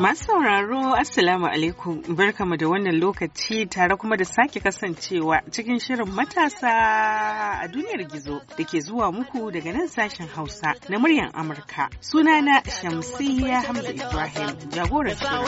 Masu sauraro Assalamu alaikum barkamu da wannan lokaci tare kuma da sake kasancewa cikin shirin matasa a duniyar gizo da ke zuwa muku daga nan sashen Hausa na muryar Amurka. Sunana Shamsiyya Hamza Ibrahim jagorar shirin.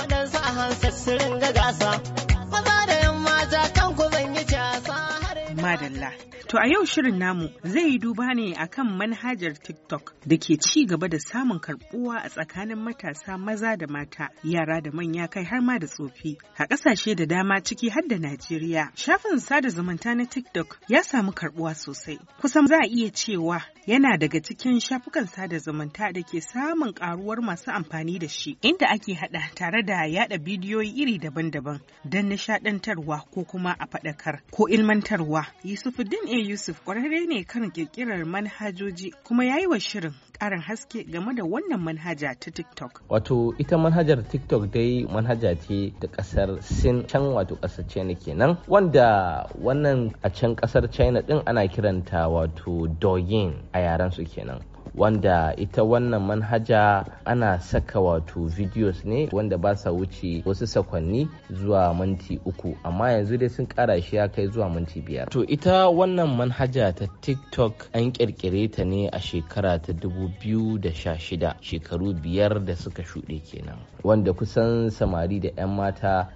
Allah. To a yau shirin namu zai yi duba ne akan manhajar TikTok da ke ci gaba da samun karbuwa a tsakanin matasa maza da mata, yara da manya kai har ma da tsofi. A ƙasashe da dama ciki har da Najeriya, shafin sada zumunta na TikTok ya samu karbuwa sosai. Kusan za a iya cewa yana daga cikin shafukan sada zumunta da ke samun karuwar masu amfani da shi, inda ake haɗa tare da yaɗa bidiyoyi iri daban-daban don nishaɗantarwa ko kuma a faɗakar ko ilmantarwa Yusufuddin A. Yusuf kwararre ne kan ƙirƙirar manhajoji kuma ya yi wa shirin karin haske game da wannan manhaja ta TikTok. Wato ita manhajar TikTok dai manhaja ce ta kasar Sin can wato kasar China kenan wanda wannan a can ƙasar China din ana kiranta wato Douyin a yaren su kenan. wanda ita wannan manhaja ana saka wato videos ne wanda ba sa wuce wasu sakonni zuwa minti uku amma yanzu dai sun kara shi ya kai zuwa minti biyar to ita wannan manhaja ta tiktok an kirkire ta ne a shekara ta 2016 shekaru biyar da suka shuɗe kenan wanda kusan samari da 'yan mata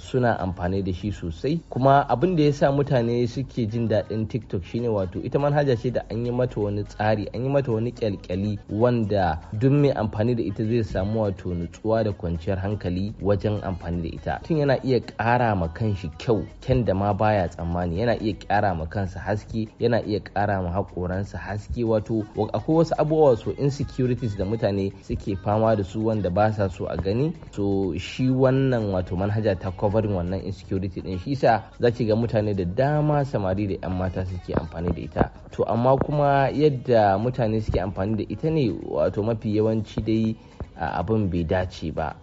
suna amfani da shi sosai kuma abin da ya sa mutane suke jin daɗin tiktok shine wato ita manhaja ce da an yi mata wani tsari an yi mata wani kyalkyali wanda duk mai amfani da ita zai samu wato nutsuwa da kwanciyar hankali wajen amfani da ita tun yana iya ƙara ma kanshi kyau kyan da ma baya tsammani yana iya ƙara ma kansa haske yana iya ƙara ma haƙoransa haske wato akwai wasu abubuwa so insecurities da mutane suke fama da su wanda ba sa so a gani so shi wannan wato manhaja ta covering wannan insecurity din shi sa za ga mutane da dama samari da 'yan mata suke amfani da ita to amma kuma yadda mutane suke ake amfani da ita ne wato mafi yawanci dai abin bai dace ba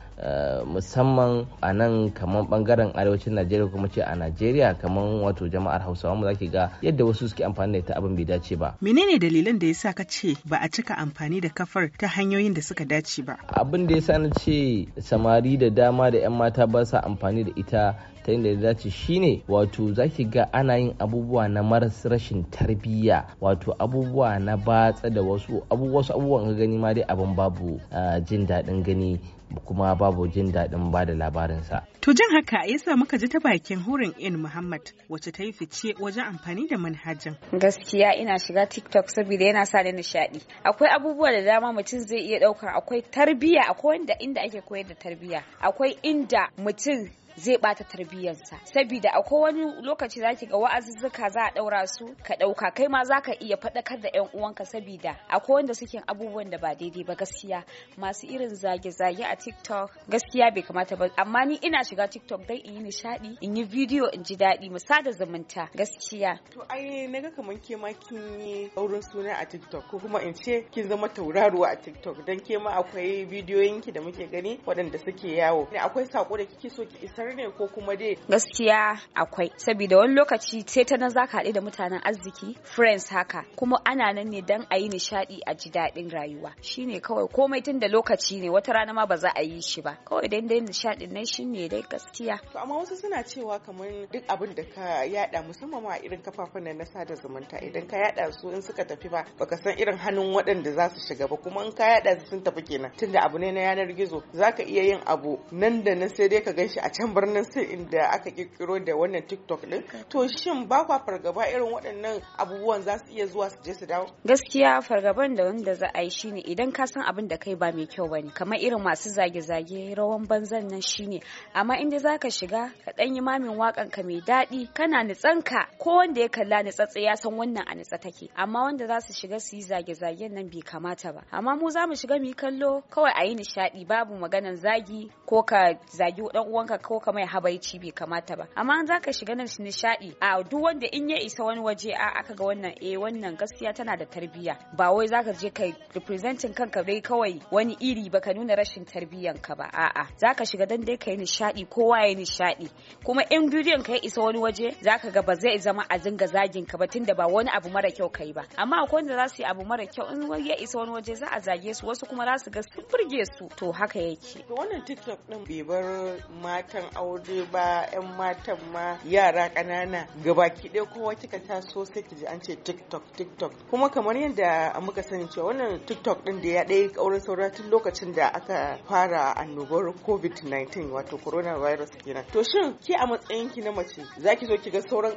musamman a nan kamar bangaren arewacin najeriya kuma ce a najeriya kamar wato jama'ar hausawa mu zaki ga yadda wasu suke amfani da ita abin bai dace ba menene dalilan da yasa ka ce ba a cika amfani da kafar ta hanyoyin da suka dace ba abin da yasa na ce samari da dama da yan mata ba sa amfani da ita ta yadda ya dace shine wato zaki ga ana yin abubuwa na maras rashin tarbiyya wato abubuwa na batsa da wasu wasu abubuwan ka gani ma dai abin babu ah, jin daɗin gani kuma babu jin daɗin ba da labarinsa. To jin haka ya sa muka ji ta bakin hurin in Muhammad wacce ta yi fice wajen amfani da manhajan. Gaskiya ina shiga TikTok saboda yana sa ni nishaɗi. Akwai abubuwa da dama mutum zai iya ɗauka akwai tarbiyya akwai wanda inda ake koyar da tarbiyya akwai inda mutum zai bata tarbiyyarsa saboda akwai wani lokaci zaki ga wa'azuzzuka za a daura su ka dauka kai ma zaka iya fadakar da yan uwanka saboda akwai wanda suke abubuwan da ba daidai ba gaskiya masu irin zage-zage a TikTok gaskiya bai kamata ba amma ni ina shiga TikTok dai in yi nishadi in yi bidiyo in ji daɗi mu sada zumunta gaskiya to ai naga kaman ke ma kin yi auren suna a TikTok ko kuma in ce kin zama tauraruwa a TikTok dan ke ma akwai bidiyoyinki da muke gani waɗanda suke yawo ne akwai sako da kike so ki isar tare ne ko kuma dai gaskiya akwai saboda wani lokaci sai ta nan zaka haɗu da mutanen arziki friends haka kuma ana nan ne dan a yi nishaɗi a ji daɗin rayuwa shine kawai komai tun da lokaci ne wata rana ma ba za a yi shi ba kawai dai dai nishaɗin nan shine dai gaskiya to amma wasu suna cewa kamar duk abin da ka yada musamman ma irin kafafen nan na sada zumunta idan ka yada su in suka tafi ba baka san irin hannun waɗanda za su shiga ba kuma in ka yada su sun tafi kenan tunda abu ne na yanar gizo zaka iya yin abu nan da nan sai dai ka gan shi a can birnin sin da aka kirkiro da wannan tiktok din to shin ba kwa fargaba irin waɗannan abubuwan za su iya zuwa su je su dawo gaskiya fargaban da wanda za a yi shine idan ka san abin da kai ba mai kyau bane kamar irin masu zage-zage rawan banzan nan shine amma inda za ka shiga ka dan yi mamin wakan ka mai daɗi kana nitsanka ko wanda ya kalla nitsatse ya san wannan a nitsa take amma wanda za su shiga su yi zage-zagen nan bai kamata ba amma mu za mu shiga mu yi kallo kawai a yi nishaɗi babu maganan zagi ko ka zagi dan uwanka ko ka mai habaici bai kamata ba amma an zaka shiga nan nishadi a duk wanda in ya isa wani waje a aka ga wannan eh wannan gaskiya tana da tarbiyya ba wai zaka je kai representing kanka dai kawai wani iri ba ka nuna rashin tarbiyyan ka ba a'a zaka shiga dan dai kai nishadi kowa ya nishadi kuma in bidiyon ka ya isa wani waje zaka ga ba zai zama a zinga zagin ka ba tunda ba wani abu mara kyau kai ba amma akwai wanda za su yi abu mara kyau in ya isa wani waje za a zage su wasu kuma za su ga sun burge su to haka yake to wannan tiktok club din bai bar matan aure ba yan matan ma yara ƙanana ki ɗaya kowa kika taso sai ki ji an ce tiktok tiktok kuma kamar yadda muka sani cewa wannan tiktok ɗin da ya ɗaya ƙaurin saura tun lokacin da aka fara annobar covid-19 wato Corona virus kenan to shin ki a matsayin ki na mace zaki so ki ga sauran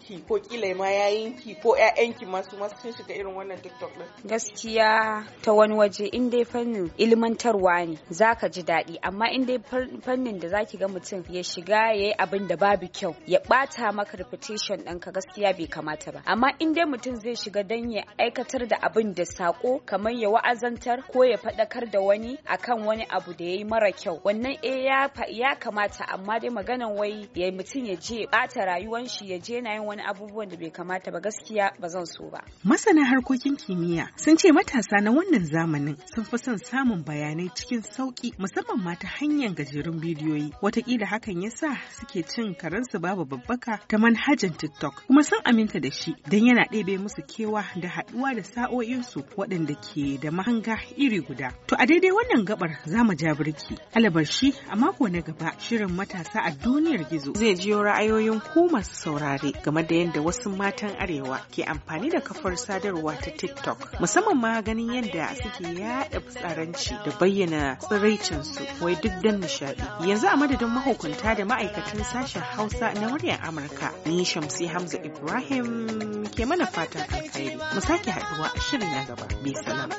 ki, ko kila ma yayin ki, ko ki masu masu sun shiga irin wannan tiktok din gaskiya ta wani waje in dai fannin ilmantarwa ne zaka ji daɗi amma in dai fannin da zaki ga mutum ya shiga ya yi abin da babu kyau ya bata maka reputation ɗinka gaskiya bai kamata ba amma in dai mutum zai shiga don ya aikatar da abin da sako kamar ya wa'azantar ko ya faɗakar da wani akan wani abu da ya yi mara kyau wannan e ya kamata amma dai maganan wai ya mutum ya je bata rayuwar shi ya je na yin wani abubuwan da bai kamata ba gaskiya ba zan so ba masana harkokin kimiyya sun ce matasa na wannan zamanin sun fi son samun bayanai cikin sauki musamman ma ta hanyar hanyar gajerun bidiyoyi watakila hakan ya sa suke cin karensu babu babbaka ta manhajan tiktok kuma sun aminta da shi don yana ɗebe musu kewa da haɗuwa da sa'o'insu waɗanda ke da mahanga iri guda to a daidai wannan gabar za mu ja birki alabarshi a mako na gaba shirin matasa a duniyar gizo zai jiyo ra'ayoyin ku masu saurare game da yadda wasu matan arewa ke amfani da kafar sadarwa ta tiktok musamman ma ganin yadda suke yaɗa fitsaranci da bayyana tsiraicinsu wai duk don nishaɗi. Yanzu a madadin mahukunta da ma'aikatan sashen Hausa na muryar Amurka, ni Shamsi Hamza Ibrahim ke mana fatan alkhairi. Mu sake haɗuwa a shirin na gaba. Bi salam.